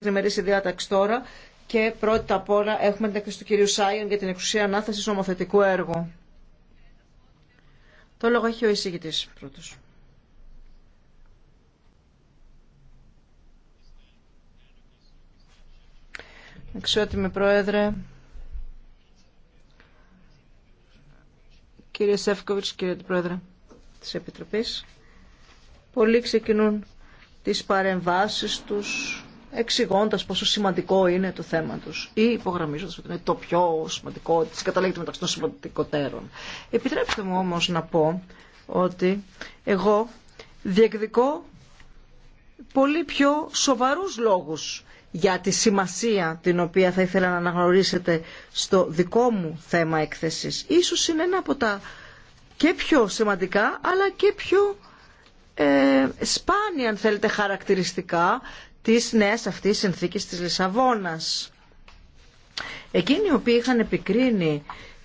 Τριμερή ημερήσια διάταξη τώρα και πρώτα απ' όλα έχουμε την έκθεση του κυρίου Σάιον για την εξουσία ανάθεση νομοθετικού έργου. Το λόγο έχει ο εισηγητή πρώτο. Εξότιμη Πρόεδρε, κύριε Σεύκοβιτ, κύριε Πρόεδρε τη Επιτροπή. πολλοί ξεκινούν τις παρεμβάσει τους εξηγώντα πόσο σημαντικό είναι το θέμα του ή υπογραμμίζοντα ότι είναι το πιο σημαντικό, τη καταλέγεται μεταξύ των σημαντικότερων. Επιτρέψτε μου όμω να πω ότι εγώ διεκδικώ πολύ πιο σοβαρούς λόγους για τη σημασία την οποία θα ήθελα να αναγνωρίσετε στο δικό μου θέμα έκθεσης. Ίσως είναι ένα από τα και πιο σημαντικά αλλά και πιο ε, σπάνια αν θέλετε χαρακτηριστικά της νέας αυτής συνθήκης της Λισαβόνας. Εκείνοι οι οποίοι είχαν επικρίνει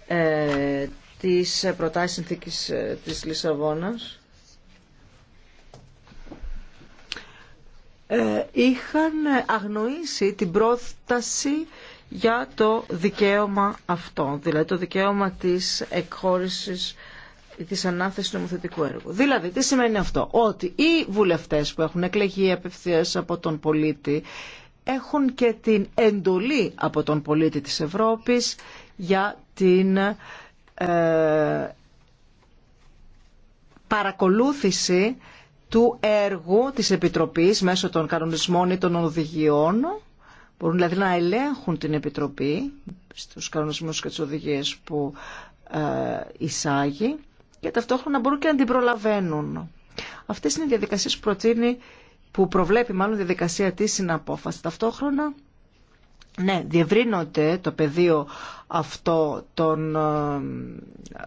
ε, τις προτάσεις συνθήκης ε, της Λισαβόνας ε, είχαν αγνοήσει την πρόταση για το δικαίωμα αυτό, δηλαδή το δικαίωμα της εκχώρησης της ανάθεσης νομοθετικού έργου. Δηλαδή, τι σημαίνει αυτό. Ότι οι βουλευτές που έχουν εκλεγεί απευθείας από τον πολίτη έχουν και την εντολή από τον πολίτη της Ευρώπης για την ε, παρακολούθηση του έργου της Επιτροπής μέσω των κανονισμών ή των οδηγιών. Μπορούν δηλαδή να ελέγχουν την Επιτροπή στους κανονισμούς και τις οδηγίες που ε, εισάγει και ταυτόχρονα μπορούν και να την προλαβαίνουν. Αυτές είναι οι διαδικασίες που προτείνει, που προβλέπει μάλλον η διαδικασία τη συναπόφαση. Ταυτόχρονα, ναι, διευρύνονται το πεδίο αυτό των ε,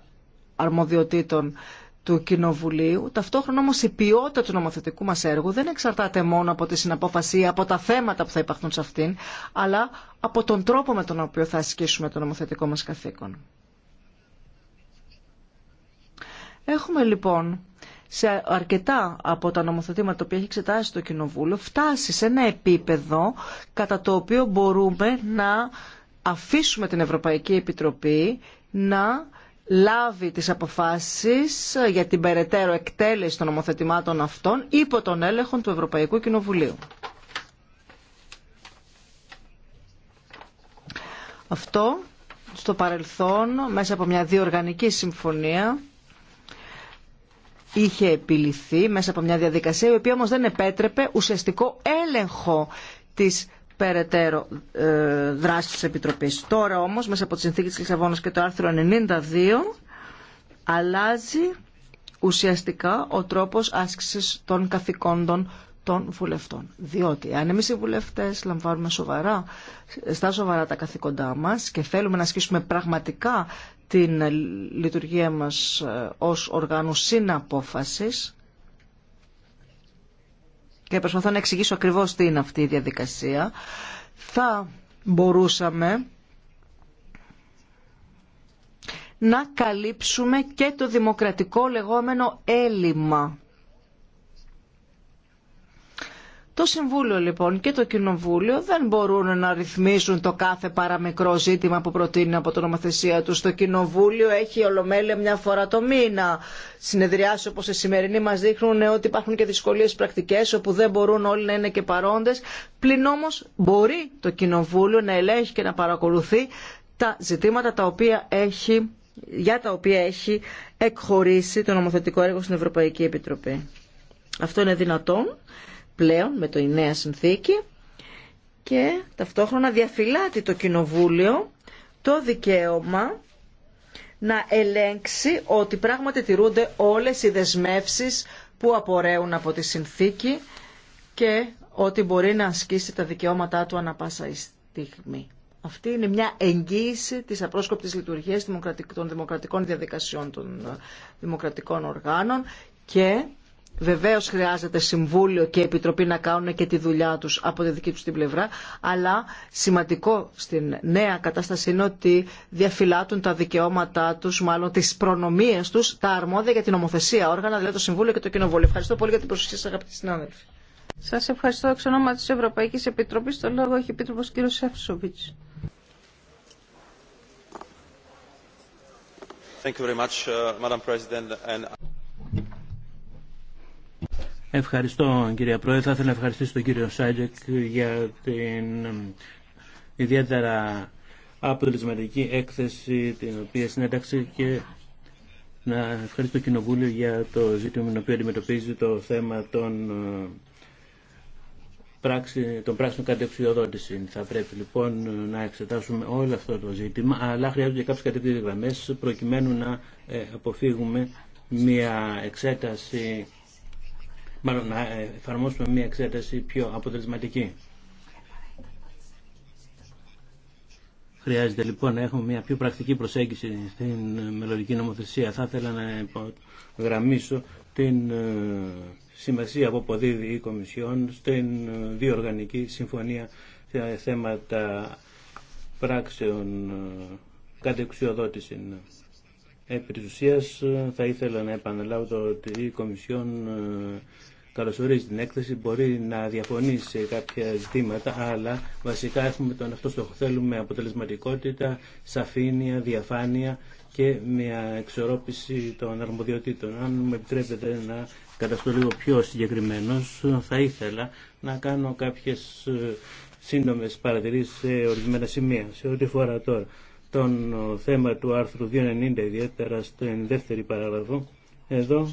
αρμοδιοτήτων του Κοινοβουλίου. Ταυτόχρονα όμως η ποιότητα του νομοθετικού μας έργου δεν εξαρτάται μόνο από τη συναπόφαση από τα θέματα που θα υπάρχουν σε αυτήν, αλλά από τον τρόπο με τον οποίο θα ασκήσουμε το νομοθετικό μας καθήκον. Έχουμε λοιπόν σε αρκετά από τα νομοθετήματα που έχει εξετάσει το Κοινοβούλιο φτάσει σε ένα επίπεδο κατά το οποίο μπορούμε να αφήσουμε την Ευρωπαϊκή Επιτροπή να λάβει τις αποφάσεις για την περαιτέρω εκτέλεση των νομοθετημάτων αυτών υπό τον έλεγχο του Ευρωπαϊκού Κοινοβουλίου. Αυτό στο παρελθόν μέσα από μια διοργανική συμφωνία είχε επιληθεί μέσα από μια διαδικασία η οποία όμως δεν επέτρεπε ουσιαστικό έλεγχο της περαιτέρω ε, δράσης της Επιτροπής. Τώρα όμως μέσα από τη συνθήκη της Λισαβόνας και το άρθρο 92 αλλάζει ουσιαστικά ο τρόπος άσκησης των καθηκόντων των βουλευτών. Διότι αν εμείς οι βουλευτές λαμβάνουμε σοβαρά, στα σοβαρά τα καθήκοντά μας και θέλουμε να ασκήσουμε πραγματικά την λειτουργία μας ε, ως οργάνου συναπόφασης και προσπαθώ να εξηγήσω ακριβώς τι είναι αυτή η διαδικασία, θα μπορούσαμε να καλύψουμε και το δημοκρατικό λεγόμενο έλλειμμα Το Συμβούλιο λοιπόν και το Κοινοβούλιο δεν μπορούν να ρυθμίσουν το κάθε παραμικρό ζήτημα που προτείνει από το νομοθεσία του. Το Κοινοβούλιο έχει ολομέλεια μια φορά το μήνα. Συνεδριάσει όπω η σημερινή μα δείχνουν ότι υπάρχουν και δυσκολίε πρακτικέ όπου δεν μπορούν όλοι να είναι και παρόντε. Πλην όμω μπορεί το Κοινοβούλιο να ελέγχει και να παρακολουθεί τα ζητήματα τα οποία έχει, για τα οποία έχει εκχωρήσει το νομοθετικό έργο στην Ευρωπαϊκή Επιτροπή. Αυτό είναι δυνατόν πλέον με το η νέα συνθήκη και ταυτόχρονα διαφυλάτει το Κοινοβούλιο το δικαίωμα να ελέγξει ότι πράγματι τηρούνται όλες οι δεσμεύσεις που απορρέουν από τη συνθήκη και ότι μπορεί να ασκήσει τα δικαιώματά του ανα πάσα στιγμή. Αυτή είναι μια εγγύηση της απρόσκοπτης λειτουργίας των δημοκρατικών διαδικασιών των ε, δημοκρατικών οργάνων και Βεβαίω χρειάζεται Συμβούλιο και Επιτροπή να κάνουν και τη δουλειά του από τη δική του την πλευρά, αλλά σημαντικό στην νέα κατάσταση είναι ότι διαφυλάτουν τα δικαιώματά του, μάλλον τι προνομίε του, τα αρμόδια για την ομοθεσία, όργανα, δηλαδή το Συμβούλιο και το Κοινοβούλιο. Ευχαριστώ πολύ για την προσοχή σα, αγαπητοί συνάδελφοι. Σα ευχαριστώ εξ ονόματο τη Ευρωπαϊκή Επιτροπή. Το λόγο έχει επίτροπο κ. Σεφσοβιτ. Ευχαριστώ κυρία Πρόεδρε. Θα ήθελα να ευχαριστήσω τον κύριο Σάιτζεκ για την ιδιαίτερα αποτελεσματική έκθεση την οποία συνέταξε και να ευχαριστώ το Κοινοβούλιο για το ζήτημα με το οποίο αντιμετωπίζει το θέμα των ε, πράξη, των πράξεων κατεξιοδότηση. Θα πρέπει λοιπόν να εξετάσουμε όλο αυτό το ζήτημα, αλλά χρειάζονται κάποιε κατευθυντικέ γραμμέ προκειμένου να ε, αποφύγουμε μια εξέταση μάλλον να εφαρμόσουμε μια εξέταση πιο αποτελεσματική. Χρειάζεται λοιπόν να έχουμε μια πιο πρακτική προσέγγιση στην ε, μελλοντική νομοθεσία. Θα ήθελα να γραμμίσω την ε, σημασία που αποδίδει η Κομισιόν στην ε, διοργανική συμφωνία σε θέματα πράξεων κατεξιοδότηση. Επί της θα ήθελα να επαναλάβω ότι η Κομισιόν καλωσορίζει την έκθεση, μπορεί να διαφωνεί σε κάποια ζητήματα, αλλά βασικά έχουμε τον αυτό στόχο. Θέλουμε αποτελεσματικότητα, σαφήνεια, διαφάνεια και μια εξορρόπηση των αρμοδιοτήτων. Αν μου επιτρέπετε να καταστώ λίγο πιο συγκεκριμένο, θα ήθελα να κάνω κάποιε σύντομε παρατηρήσει σε ορισμένα σημεία. Σε ό,τι φορά τώρα τον ε, θέμα του άρθρου 290, ιδιαίτερα στην δεύτερη παράγραφο, εδώ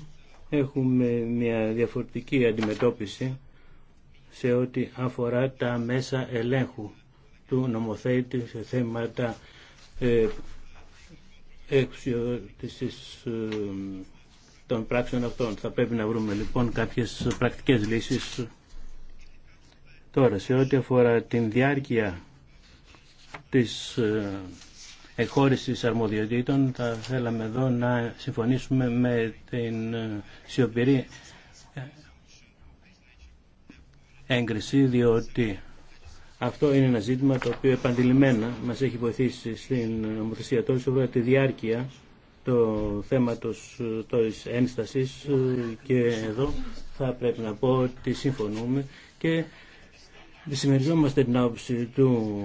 έχουμε μια διαφορετική αντιμετώπιση σε ό,τι αφορά τα μέσα ελέγχου του νομοθέτη σε θέματα ε, ε, των πράξεων αυτών. Θα πρέπει να βρούμε λοιπόν κάποιες πρακτικές λύσεις. Τώρα, σε ό,τι αφορά την διάρκεια της ε, εκχώρησης αρμοδιοτήτων θα θέλαμε εδώ να συμφωνήσουμε με την ε, σιωπηρή ε, έγκριση διότι αυτό είναι ένα ζήτημα το οποίο επαντηλημένα μας έχει βοηθήσει στην νομοθεσία τόσο τη διάρκεια το θέματος ε, της ένστασης και εδώ θα πρέπει να πω ότι συμφωνούμε και συμμεριζόμαστε την άποψη του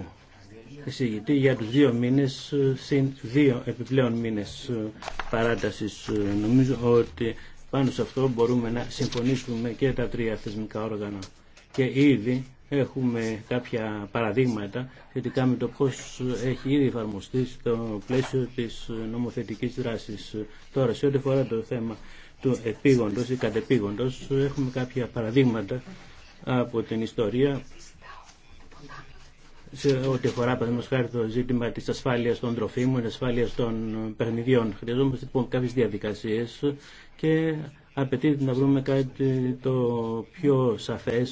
εισηγητή για τους δύο μήνες συν δύο επιπλέον μήνες ε, παράτασης. Ε, νομίζω ότι πάνω σε αυτό μπορούμε να συμφωνήσουμε και τα τρία θεσμικά όργανα. Και ήδη έχουμε κάποια παραδείγματα σχετικά με το πώς έχει ήδη εφαρμοστεί στο πλαίσιο της νομοθετικής δράσης. Τώρα, σε ό,τι φορά το θέμα του επίγοντος ή κατεπίγοντος, έχουμε κάποια παραδείγματα από την ιστορία σε ό,τι αφορά παραδείγματο χάρη το ζήτημα τη ασφάλεια των τροφίμων, ασφάλεια των παιχνιδιών. Χρειαζόμαστε λοιπόν κάποιε διαδικασίε και απαιτείται να βρούμε κάτι το πιο σαφέ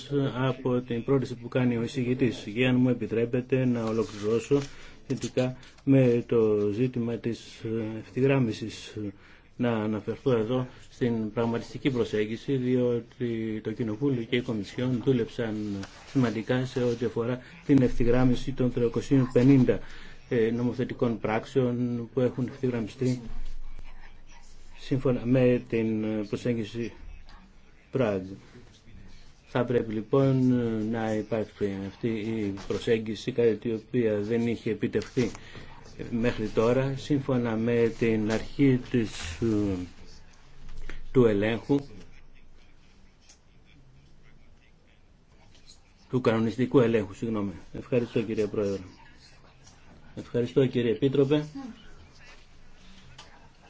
από την πρόταση που κάνει ο εισηγητή. Για αν μου επιτρέπετε να ολοκληρώσω σχετικά με το ζήτημα της ευθυγράμμιση να αναφερθώ εδώ στην πραγματιστική προσέγγιση, διότι το Κοινοβούλιο και η Κομισιόν δούλεψαν σημαντικά σε ό,τι αφορά την ευθυγράμμιση των 350 ε, νομοθετικών πράξεων που έχουν ευθυγραμμιστεί σύμφωνα με την προσέγγιση Πράγκ. Θα πρέπει λοιπόν ε, να υπάρξει αυτή η προσέγγιση, κάτι η οποία δεν είχε επιτευχθεί μέχρι τώρα σύμφωνα με την αρχή της, ε, του ελέγχου του κανονιστικού ελέγχου, συγγνώμη. Ευχαριστώ κύριε Πρόεδρε. Ευχαριστώ κύριε Επίτροπε.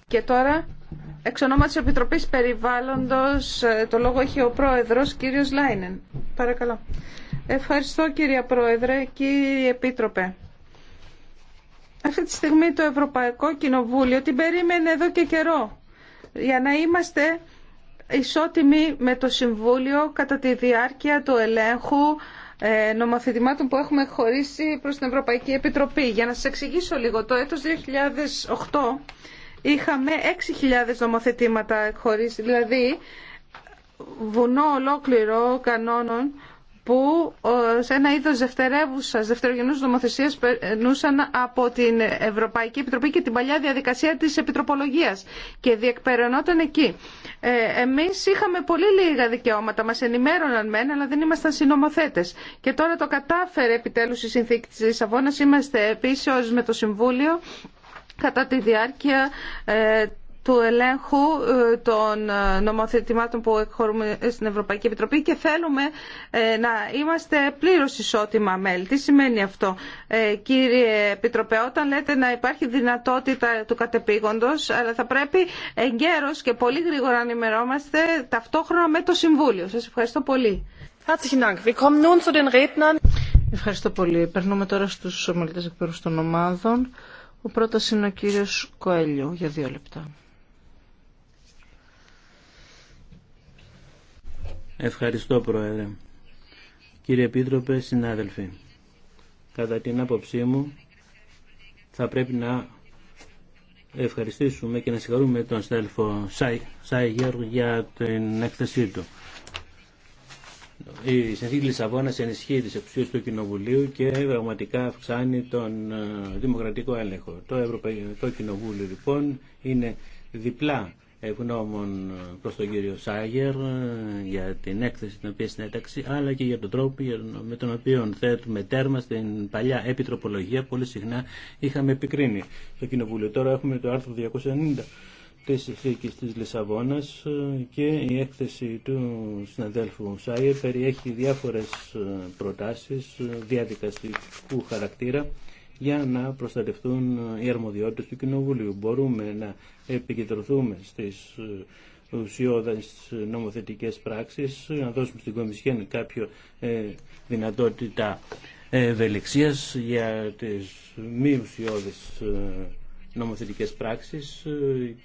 Και τώρα, εξ ονόμα της Επιτροπής Περιβάλλοντος, ε, το λόγο έχει ο Πρόεδρος, κύριος Λάινεν. Παρακαλώ. Ευχαριστώ κύριε Πρόεδρε, κύριε Επίτροπε. Αυτή τη στιγμή το Ευρωπαϊκό Κοινοβούλιο την περίμενε εδώ και καιρό για να είμαστε ισότιμοι με το Συμβούλιο κατά τη διάρκεια του ελέγχου ε, νομοθετημάτων που έχουμε χωρίσει προς την Ευρωπαϊκή Επιτροπή. Για να σας εξηγήσω λίγο, το έτος 2008 είχαμε 6.000 νομοθετήματα χωρίσει, δηλαδή βουνό ολόκληρο κανόνων που ε, σε ένα είδο δευτερεύουσα δευτερογενού νομοθεσία περνούσαν από την Ευρωπαϊκή Επιτροπή και την παλιά διαδικασία της Επιτροπολογίας και διεκπεραιωνόταν εκεί. Ε, εμείς είχαμε πολύ λίγα δικαιώματα, μας ενημέρωναν μεν, αλλά δεν ήμασταν συνομοθέτες. Και τώρα το κατάφερε επιτέλου η συνθήκη της Λισαβόνα. είμαστε επίσης με το Συμβούλιο κατά τη διάρκεια ε, του ελέγχου ε, των ε, νομοθετημάτων που εκχωρούμε στην Ευρωπαϊκή Επιτροπή και θέλουμε ε, να είμαστε πλήρως ισότιμα μέλη. Τι σημαίνει αυτό, κύριε Επιτροπέ, όταν λέτε να υπάρχει δυνατότητα του κατεπήγοντος, αλλά θα πρέπει εγκαίρως και πολύ γρήγορα να ενημερώμαστε ταυτόχρονα με το Συμβούλιο. Σας ευχαριστώ πολύ. Ευχαριστώ πολύ. Περνούμε τώρα στους ομιλητές εκπέρους των ομάδων. Ο πρώτος είναι ο κύριος Κοέλιο για δύο λεπτά. Ευχαριστώ Πρόεδρε. Κύριε Επίτροπε, συνάδελφοι, κατά την άποψή μου θα πρέπει να ευχαριστήσουμε και να συγχαρούμε τον στέλφο Σάιγερ για την έκθεσή του. Η συνθήκη Λισαβόνα ενισχύει τι εξουσίε του Κοινοβουλίου και πραγματικά αυξάνει τον ε, δημοκρατικό έλεγχο. Το Ευρωπαϊκό Κοινοβούλιο λοιπόν είναι διπλά ευγνώμων προς τον κύριο Σάγερ ε, για την έκθεση την οποία συνέταξε αλλά και για τον τρόπο με τον οποίο θέτουμε τέρμα στην παλιά επιτροπολογία που πολύ συχνά είχαμε επικρίνει στο Κοινοβούλιο. Τώρα έχουμε το άρθρο 290 της συνθήκης της Λισαβόνας ε, και η έκθεση του συναδέλφου Σάγερ περιέχει διάφορες ε, προτάσεις διαδικαστικού χαρακτήρα για να προστατευτούν οι αρμοδιότητες του Κοινοβουλίου. Μπορούμε να επικεντρωθούμε στις ε, ουσιώδες ε, νομοθετικές πράξεις, ε, να δώσουμε στην Κομισιέν κάποιο δυνατότητα ευελιξίας για τις μη ουσιώδες νομοθετικές πράξεις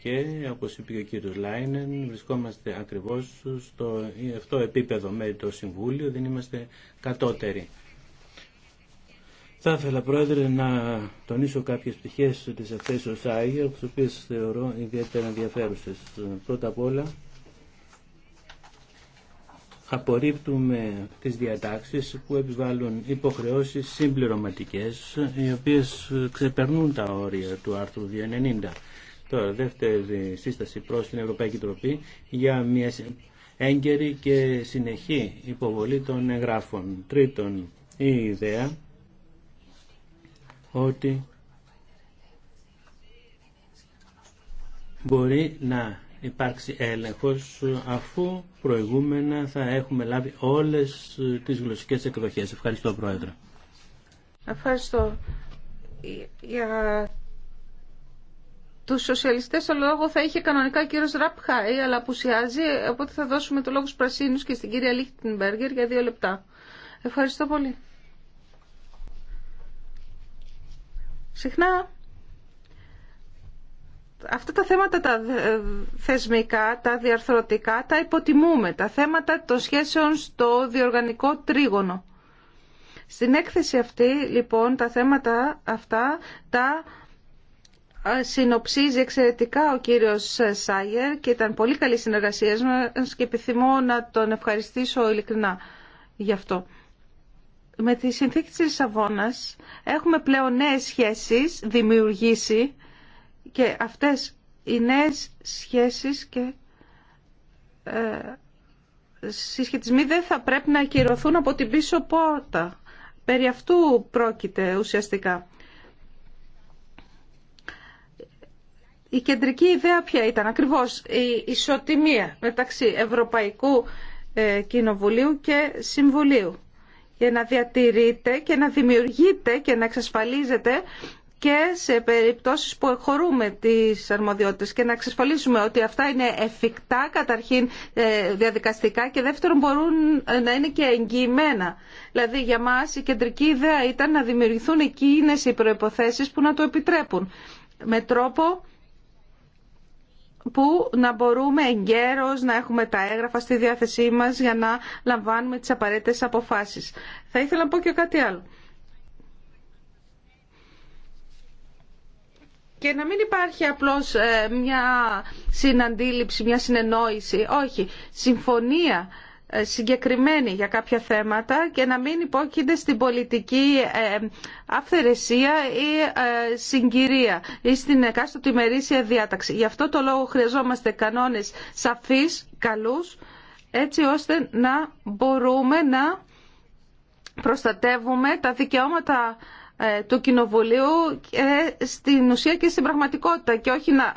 και όπως είπε ο κύριος Λάινεν βρισκόμαστε ακριβώς στο αυτό επίπεδο με το Συμβούλιο, δεν είμαστε κατώτεροι. Θα ήθελα, Πρόεδρε, να τονίσω κάποιες πτυχές της ο Σάιγερ, τις οποίες θεωρώ ιδιαίτερα ενδιαφέρουσες. Πρώτα απ' όλα, απορρίπτουμε τις διατάξεις που επιβάλλουν υποχρεώσεις συμπληρωματικές, οι οποίες ξεπερνούν τα όρια του άρθρου 290. Τώρα, δεύτερη σύσταση προς την Ευρωπαϊκή Τροπή για μια έγκαιρη και συνεχή υποβολή των εγγράφων. Τρίτον, η ιδέα ότι μπορεί να υπάρξει έλεγχος αφού προηγούμενα θα έχουμε λάβει όλες τις γλωσσικές εκδοχές. Ευχαριστώ Πρόεδρε. Ευχαριστώ. Για τους σοσιαλιστές το λόγο θα είχε κανονικά ο κύριος Ραπχάη, αλλά απουσιάζει, οπότε θα δώσουμε το λόγο στους Πρασίνους και στην κυρία Λίχτινμπεργκερ για δύο λεπτά. Ευχαριστώ πολύ. Συχνά αυτά τα θέματα τα ε, θεσμικά, τα διαρθρωτικά, τα υποτιμούμε. Τα θέματα των σχέσεων στο διοργανικό τρίγωνο. Στην έκθεση αυτή, λοιπόν, τα θέματα αυτά τα ε, συνοψίζει εξαιρετικά ο κύριος ε, Σάγερ και ήταν πολύ καλή συνεργασία μας και επιθυμώ να τον ευχαριστήσω ειλικρινά γι' αυτό με τη συνθήκη της Λισαβόνας έχουμε πλέον νέες σχέσεις δημιουργήσει και αυτές οι νέες σχέσεις και ε, συσχετισμοί δεν θα πρέπει να ακυρωθούν από την πίσω πόρτα. Περί αυτού πρόκειται ουσιαστικά. Η κεντρική ιδέα ποια ήταν ακριβώς η ισοτιμία μεταξύ Ευρωπαϊκού ε, Κοινοβουλίου και Συμβουλίου για να διατηρείται και να δημιουργείται και να εξασφαλίζεται και σε περιπτώσεις που εχωρούμε τις αρμοδιότητες και να εξασφαλίσουμε ότι αυτά είναι εφικτά καταρχήν ε, διαδικαστικά και δεύτερον μπορούν ε, να είναι και εγγυημένα. Δηλαδή για μας η κεντρική ιδέα ήταν να δημιουργηθούν εκείνες οι προϋποθέσεις που να το επιτρέπουν με τρόπο που να μπορούμε εγκαίρως να έχουμε τα έγγραφα στη διάθεσή μας για να λαμβάνουμε τις απαραίτητες αποφάσεις. Θα ήθελα να πω και κάτι άλλο. Και να μην υπάρχει απλώς ε, μια συναντήληψη, μια συνεννόηση. Όχι, συμφωνία ε, συγκεκριμένοι για κάποια θέματα και να μην υπόκεινται στην πολιτική ε, αυθαιρεσία ή ε, συγκυρία ή στην εκάστοτε ημερήσια διάταξη. Γι' αυτό το λόγο χρειαζόμαστε κανόνες σαφείς, καλούς, έτσι ώστε να μπορούμε να προστατεύουμε τα δικαιώματα του Κοινοβουλίου στην ουσία και στην πραγματικότητα και όχι να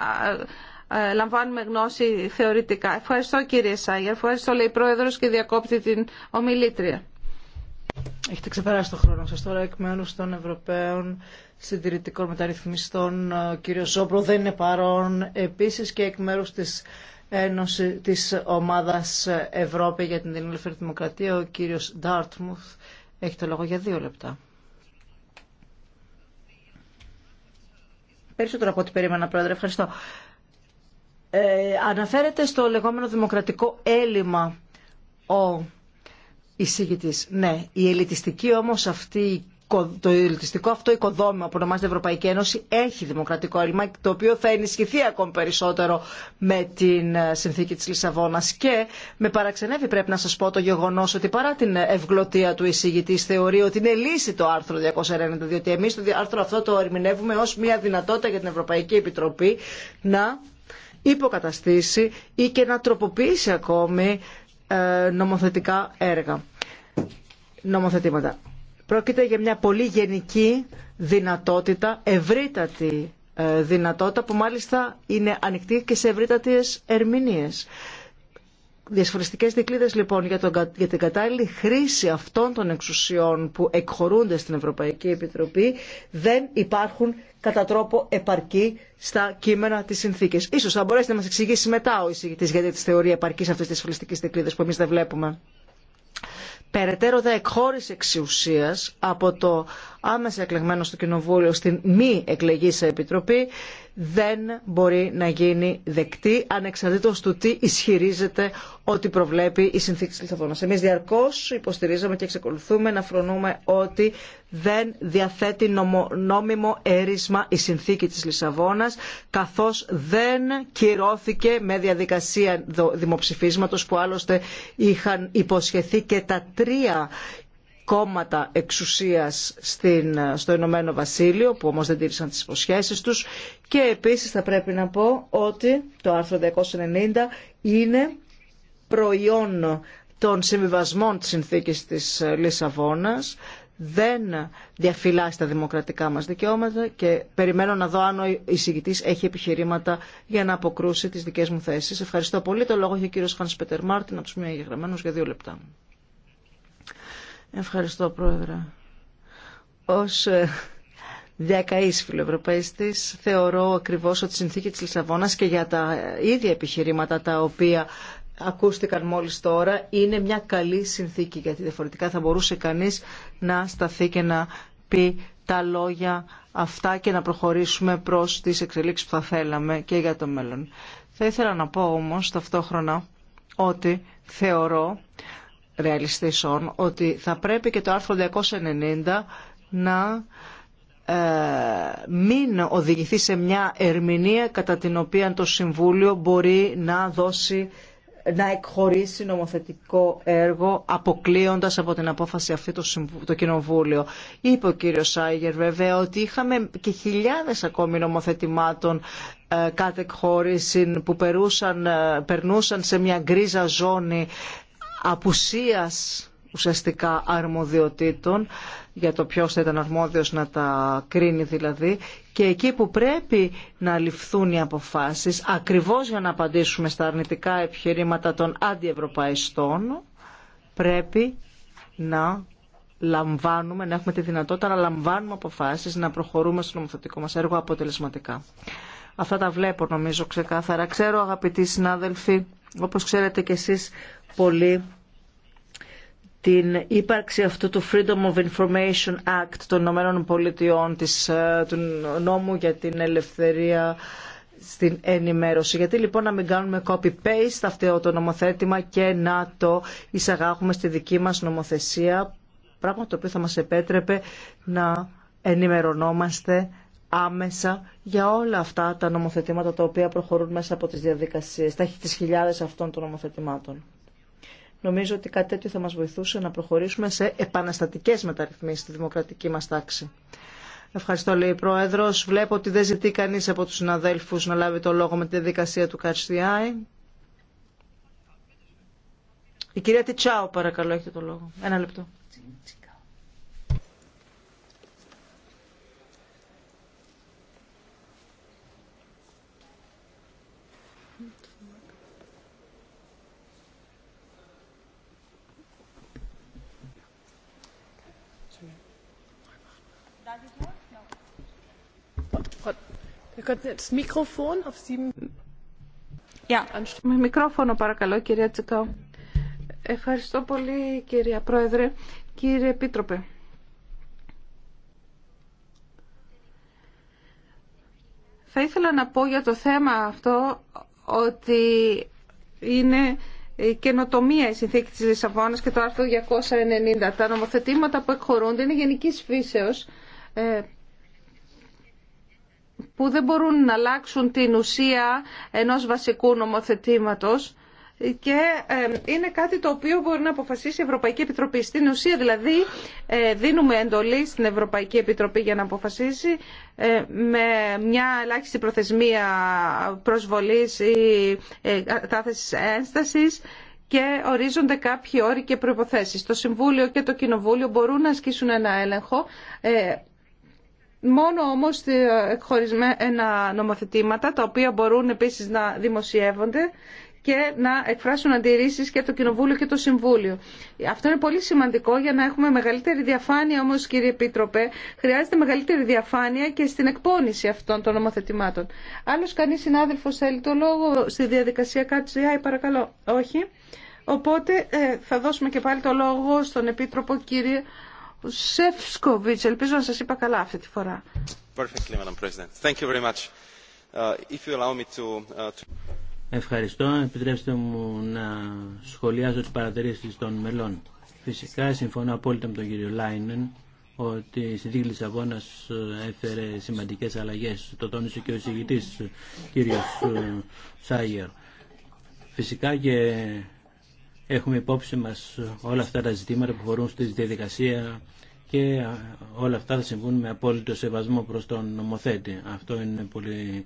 ε, λαμβάνουμε γνώση θεωρητικά. Ευχαριστώ κύριε Σάγια, ευχαριστώ λέει πρόεδρο και διακόπτει την ομιλήτρια. Έχετε ξεπεράσει το χρόνο σα. τώρα εκ μέρους των Ευρωπαίων Συντηρητικών Μεταρρυθμιστών. Ε, ο κύριο Ζόμπρο δεν είναι παρόν. επίση και εκ μέρου τη Ένωση, της ομάδας Ευρώπη για την Ελεύθερη Δημοκρατία, ο κύριος Ντάρτμουθ έχει το λόγο για δύο λεπτά. Περισσότερο από ό,τι περίμενα, Πρόεδρε. Ευχαριστώ. Ε, αναφέρεται στο λεγόμενο δημοκρατικό έλλειμμα ο εισηγητής. Ναι, η ελιτιστική όμως αυτή το ελιτιστικό αυτό οικοδόμημα που ονομάζεται Ευρωπαϊκή Ένωση έχει δημοκρατικό έλλειμμα το οποίο θα ενισχυθεί ακόμη περισσότερο με την ε, συνθήκη της Λισαβόνας και με παραξενεύει πρέπει να σας πω το γεγονός ότι παρά την ευγλωτία του εισηγητή θεωρεί ότι είναι λύση το άρθρο 290 διότι εμείς το άρθρο αυτό το ερμηνεύουμε ως μια δυνατότητα για την Ευρωπαϊκή Επιτροπή να υποκαταστήσει ή και να τροποποιήσει ακόμη ε, νομοθετικά έργα, νομοθετήματα. Πρόκειται για μια πολύ γενική δυνατότητα, ευρύτατη ε, δυνατότητα που μάλιστα είναι ανοιχτή και σε ευρύτατες ερμηνείες. Διασφαλιστικέ δικλείδε λοιπόν για, τον, για την κατάλληλη χρήση αυτών των εξουσιών που εκχωρούνται στην Ευρωπαϊκή Επιτροπή δεν υπάρχουν κατά τρόπο επαρκή στα κείμενα τη συνθήκης. Ίσως θα μπορέσει να μας εξηγήσει μετά ο εισηγητή γιατί τις θεωρεί επαρκή αυτές τις διασφαλιστικές δικλείδε που εμεί δεν βλέπουμε. Περαιτέρω δε εκχώρηση εξουσία από το άμεσα εκλεγμένο στο Κοινοβούλιο στην μη σε επιτροπή δεν μπορεί να γίνει δεκτή ανεξαρτήτως του τι ισχυρίζεται ότι προβλέπει η συνθήκη της Λισαβόνας. Εμείς διαρκώς υποστηρίζαμε και εξακολουθούμε να φρονούμε ότι δεν διαθέτει νόμιμο έρισμα η συνθήκη της Λισαβόνας καθώς δεν κυρώθηκε με διαδικασία δημοψηφίσματος που άλλωστε είχαν υποσχεθεί και τα τρία κόμματα εξουσίας στην, στο Ηνωμένο Βασίλειο που όμως δεν τήρησαν τις υποσχέσεις τους και επίσης θα πρέπει να πω ότι το άρθρο 290 είναι προϊόν των συμβιβασμών της συνθήκης της Λισαβόνας δεν διαφυλάσσει τα δημοκρατικά μας δικαιώματα και περιμένω να δω αν ο εισηγητής έχει επιχειρήματα για να αποκρούσει τις δικές μου θέσεις. Ευχαριστώ πολύ. Το λόγο έχει ο κύριος Χάνς Πέτερ Μάρτιν από τους μία για δύο λεπτά. Ευχαριστώ, Πρόεδρε. Ως ε, διακαής φιλοευρωπαϊστής θεωρώ ακριβώς ότι η συνθήκη της Λισαβόνας και για τα ίδια επιχειρήματα τα οποία ακούστηκαν μόλις τώρα είναι μια καλή συνθήκη γιατί διαφορετικά θα μπορούσε κανείς να σταθεί και να πει τα λόγια αυτά και να προχωρήσουμε προς τις εξελίξεις που θα θέλαμε και για το μέλλον. Θα ήθελα να πω όμως ταυτόχρονα ότι θεωρώ ότι θα πρέπει και το άρθρο 290 να ε, μην οδηγηθεί σε μια ερμηνεία κατά την οποία το Συμβούλιο μπορεί να δώσει να εκχωρήσει νομοθετικό έργο αποκλείοντας από την απόφαση αυτή το, το Κοινοβούλιο. Είπε ο κύριος Σάιγερ βέβαια ότι είχαμε και χιλιάδες ακόμη νομοθετημάτων ε, κάθε εκχώρηση που περούσαν, ε, περνούσαν σε μια γκρίζα ζώνη απουσίας ουσιαστικά αρμοδιοτήτων για το ποιος θα ήταν αρμόδιος να τα κρίνει δηλαδή και εκεί που πρέπει να ληφθούν οι αποφάσεις ακριβώς για να απαντήσουμε στα αρνητικά επιχειρήματα των αντιευρωπαϊστών πρέπει να λαμβάνουμε, να έχουμε τη δυνατότητα να λαμβάνουμε αποφάσεις, να προχωρούμε στο νομοθετικό μας έργο αποτελεσματικά. Αυτά τα βλέπω νομίζω ξεκάθαρα. Ξέρω αγαπητοί συνάδελφοι, όπως ξέρετε κι εσείς πολύ την ύπαρξη αυτού του Freedom of Information Act των Ηνωμένων Πολιτειών, της, ε, του νόμου για την ελευθερία στην ενημέρωση. Γιατί λοιπόν να μην κάνουμε copy-paste αυτό το νομοθέτημα και να το εισαγάγουμε στη δική μας νομοθεσία, πράγμα το οποίο θα μας επέτρεπε να ενημερωνόμαστε άμεσα για όλα αυτά τα νομοθετήματα τα οποία προχωρούν μέσα από τις διαδικασίες, τα χιλιάδες αυτών των νομοθετημάτων. Νομίζω ότι κάτι τέτοιο θα μας βοηθούσε να προχωρήσουμε σε επαναστατικές μεταρρυθμίσεις στη δημοκρατική μας τάξη. Ευχαριστώ, λέει η Πρόεδρο. Βλέπω ότι δεν ζητεί κανεί από του συναδέλφου να λάβει το λόγο με τη δικασία του Καρστιάη. Η κυρία Τιτσάου, παρακαλώ, έχετε το λόγο. Ένα λεπτό. Με μικρόφωνο παρακαλώ κυρία Τσικάου. Ευχαριστώ πολύ κυρία Πρόεδρε. Κύριε Επίτροπε. Θα ήθελα να πω για το θέμα αυτό ότι είναι καινοτομία η συνθήκη της Λισαβόνας και το άρθρο 290. Τα νομοθετήματα που εκχωρούνται είναι γενικής φύσεως ε, που δεν μπορούν να αλλάξουν την ουσία ενός βασικού νομοθετήματος και ε, είναι κάτι το οποίο μπορεί να αποφασίσει η Ευρωπαϊκή Επιτροπή. Στην ουσία δηλαδή ε, δίνουμε εντολή στην Ευρωπαϊκή Επιτροπή για να αποφασίσει ε, με μια ελάχιστη προθεσμία προσβολής ή κατάθεσης ένστασης και ορίζονται κάποιοι όροι και προϋποθέσεις. Το Συμβούλιο και το Κοινοβούλιο μπορούν να ασκήσουν ένα έλεγχο Μόνο όμως χωρισμένα νομοθετήματα, τα οποία μπορούν επίσης να δημοσιεύονται και να εκφράσουν αντιρρήσεις και το Κοινοβούλιο και το Συμβούλιο. Αυτό είναι πολύ σημαντικό για να έχουμε μεγαλύτερη διαφάνεια όμως κύριε Επίτροπε. Χρειάζεται μεγαλύτερη διαφάνεια και στην εκπόνηση αυτών των νομοθετημάτων. Άλλος κανείς συνάδελφος θέλει το λόγο στη διαδικασία ΚΑΤΣΙΑΙ παρακαλώ. Όχι. Οπότε ε, θα δώσουμε και πάλι το λόγο στον Επίτροπο κύριε Σεφσκοβίτς. Ελπίζω να σας είπα καλά αυτή τη φορά. Ευχαριστώ. Επιτρέψτε μου να σχολιάσω τις παρατηρήσεις των μελών. Φυσικά συμφωνώ απόλυτα με τον κύριο Λάινεν ότι η συνθήκη Λισαβόνα ε, έφερε σημαντικές αλλαγές. Το τόνισε και ο εισηγητής κύριο ε, Σάγερ. Φυσικά και έχουμε υπόψη μας όλα αυτά τα ζητήματα που χωρούν στη διαδικασία και όλα αυτά θα συμβούν με απόλυτο σεβασμό προς τον νομοθέτη. Αυτό είναι πολύ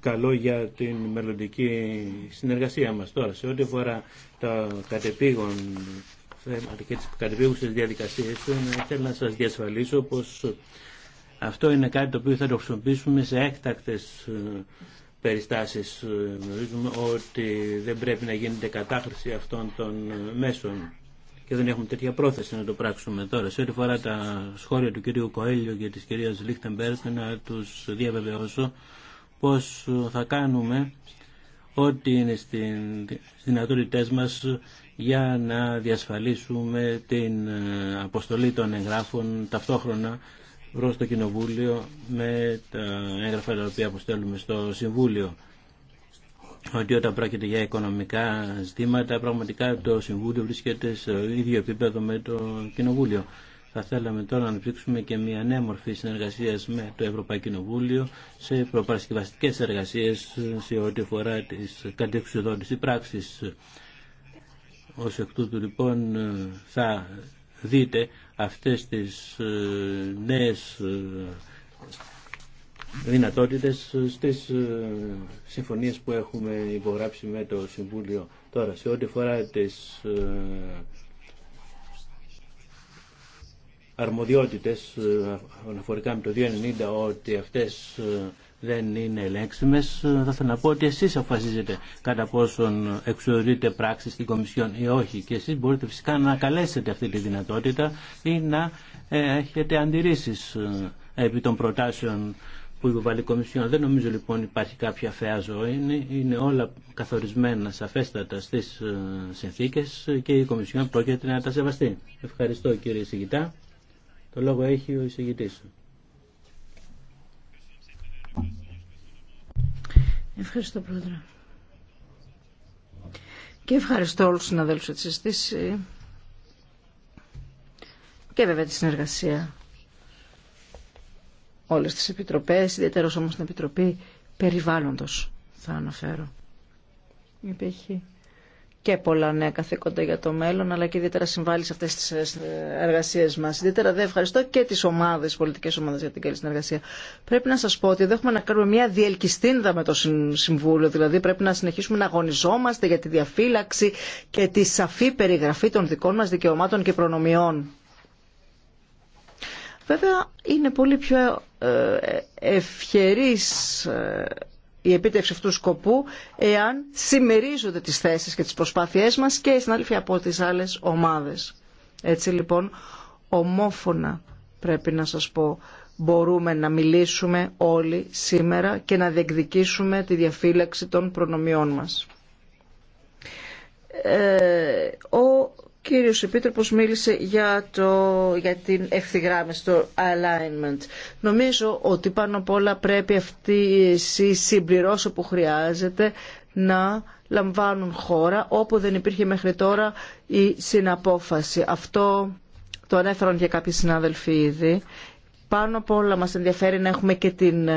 καλό για την μελλοντική συνεργασία μας τώρα. Σε ό,τι αφορά τα κατεπήγον θέματα και τις κατεπήγουσες διαδικασίες, ε, θέλω να σας διασφαλίσω πως αυτό είναι κάτι το οποίο θα το χρησιμοποιήσουμε σε έκτακτες ε, περιστάσεις ε, γνωρίζουμε ότι δεν πρέπει να γίνεται κατάχρηση αυτών των ε, μέσων και δεν έχουμε τέτοια πρόθεση να το πράξουμε τώρα. Σε ό,τι φορά τα σχόλια του κυρίου Κοέλιο και της κυρίας Λίχτεμπεργκ να τους διαβεβαιώσω πως ε, θα κάνουμε ό,τι είναι στις δυνατότητές μας για να διασφαλίσουμε την αποστολή των εγγράφων ταυτόχρονα Προ το Κοινοβούλιο με τα έγγραφα τα οποία αποστέλουμε στο Συμβούλιο ότι όταν πρόκειται για οικονομικά ζητήματα πραγματικά το Συμβούλιο βρίσκεται στο ίδιο επίπεδο με το Κοινοβούλιο. Θα θέλαμε τώρα να αναπτύξουμε και μια νέα μορφή συνεργασία με το Ευρωπαϊκό Κοινοβούλιο σε προπαρασκευαστικέ εργασίε σε ό,τι αφορά τι κατεξουδότηση πράξη. Ω εκ τούτου λοιπόν θα δείτε αυτές τις ε, νέες ε, δυνατότητες στις ε, συμφωνίες που έχουμε υπογράψει με το Συμβούλιο τώρα σε ό,τι φορά τις αρμοδιότητες αναφορικά με το 290 ότι αυτές δεν είναι ελέγξιμε. θα ήθελα να πω ότι εσεί αποφασίζετε κατά πόσον εξοδοτείτε πράξεις στην Κομισιόν ή όχι και εσείς μπορείτε φυσικά να καλέσετε αυτή τη δυνατότητα ή να ε, έχετε αντιρρήσεις ε, επί των προτάσεων που υποβάλλει η οχι και εσεί. μπορειτε φυσικα να καλεσετε αυτη τη δυνατοτητα η να εχετε αντιρρησεις επι των προτασεων που υποβαλλει η κομισιον Δεν νομίζω λοιπόν υπάρχει κάποια φαιά ζωή. Είναι, όλα καθορισμένα σαφέστατα στι ε, συνθήκε και η Κομισιόν πρόκειται να τα σεβαστεί. Ευχαριστώ κύριε Σιγητά. Το λόγο έχει ο εισηγητή. Ευχαριστώ πρόεδρε. Και ευχαριστώ όλους τους συναδέλφους για τη συζήτηση και βέβαια τη συνεργασία όλες τις επιτροπές, ιδιαίτερα όμως την Επιτροπή Περιβάλλοντος θα αναφέρω. Υπήρχε και πολλά νέα καθήκοντα για το μέλλον, αλλά και ιδιαίτερα συμβάλλει σε αυτέ τι ε, ε, εργασίε μα. Ιδιαίτερα δεν ευχαριστώ και τι ομάδε, πολιτικέ ομάδε για την καλή συνεργασία. Πρέπει να σα πω ότι δεν έχουμε να κάνουμε μια διελκυστίνδα με το Συμβούλιο. Δηλαδή πρέπει να συνεχίσουμε να αγωνιζόμαστε για τη διαφύλαξη και τη σαφή περιγραφή των δικών μα δικαιωμάτων και προνομιών. Βέβαια είναι πολύ πιο ε, ευχερής η επίτευξη αυτού του σκοπού εάν συμμερίζονται τις θέσεις και τις προσπάθειές μας και οι συνάδελφοι από τις άλλες ομάδες. Έτσι λοιπόν, ομόφωνα πρέπει να σας πω, μπορούμε να μιλήσουμε όλοι σήμερα και να διεκδικήσουμε τη διαφύλαξη των προνομιών μας. Ε, ο κύριος Επίτροπος μίλησε για, το, για την ευθυγράμμιση, το alignment. Νομίζω ότι πάνω απ' όλα πρέπει αυτή η συμπληρώση που χρειάζεται να λαμβάνουν χώρα όπου δεν υπήρχε μέχρι τώρα η συναπόφαση. Αυτό το ανέφεραν και κάποιοι συνάδελφοι ήδη. Πάνω απ' όλα μας ενδιαφέρει να έχουμε και την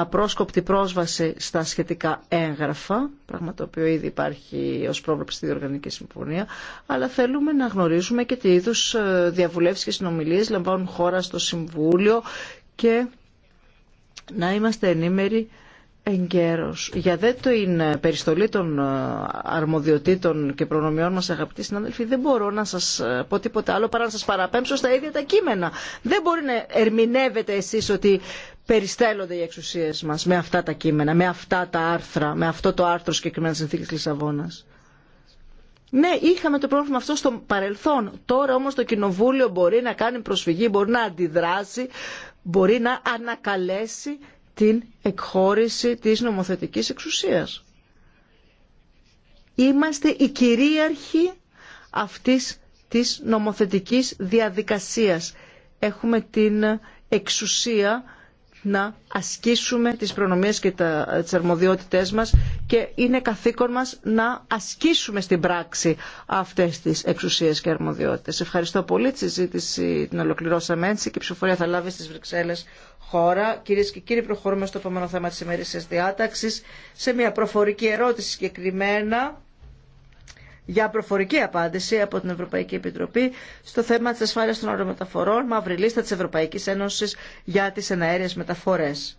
απρόσκοπτη πρόσβαση στα σχετικά έγγραφα, πράγμα το οποίο ήδη υπάρχει ως πρόβλεψη στη Διοργανική Συμφωνία, αλλά θέλουμε να γνωρίζουμε και τι είδους ε, διαβουλεύσεις και συνομιλίες λαμβάνουν χώρα στο Συμβούλιο και να είμαστε ενήμεροι εγκαίρος. Για δε το είναι περιστολή των ε, αρμοδιοτήτων και προνομιών μας αγαπητοί συνάδελφοι δεν μπορώ να σας ε, πω τίποτα άλλο παρά να σας παραπέμψω στα ίδια τα κείμενα. Δεν μπορεί να ερμηνεύετε εσείς ότι περιστέλλονται οι εξουσίες μας με αυτά τα κείμενα, με αυτά τα άρθρα, με αυτό το άρθρο συγκεκριμένα συνθήκης Λισαβόνας. Ναι, είχαμε το πρόβλημα αυτό στο παρελθόν. Τώρα όμως το Κοινοβούλιο μπορεί να κάνει προσφυγή, μπορεί να αντιδράσει, μπορεί να ανακαλέσει την εκχώρηση της νομοθετικής εξουσίας. Είμαστε η κυρίαρχοι αυτής της νομοθετικής διαδικασίας. Έχουμε την εξουσία να ασκήσουμε τις προνομίες και τα, τις αρμοδιότητές μας και είναι καθήκον μας να ασκήσουμε στην πράξη αυτές τις εξουσίες και αρμοδιότητες. Ευχαριστώ πολύ. Τη συζήτηση την ολοκληρώσαμε έτσι και η ψηφοφορία θα λάβει στις Βρυξέλλες χώρα. Κυρίε και κύριοι, προχωρούμε στο επόμενο θέμα της ημερήσιας διάταξης σε μια προφορική ερώτηση συγκεκριμένα για προφορική απάντηση από την Ευρωπαϊκή Επιτροπή στο θέμα της ασφάλειας των αερομεταφορών, μαύρη λίστα της Ευρωπαϊκής Ένωσης για τις εναέρειες μεταφορές.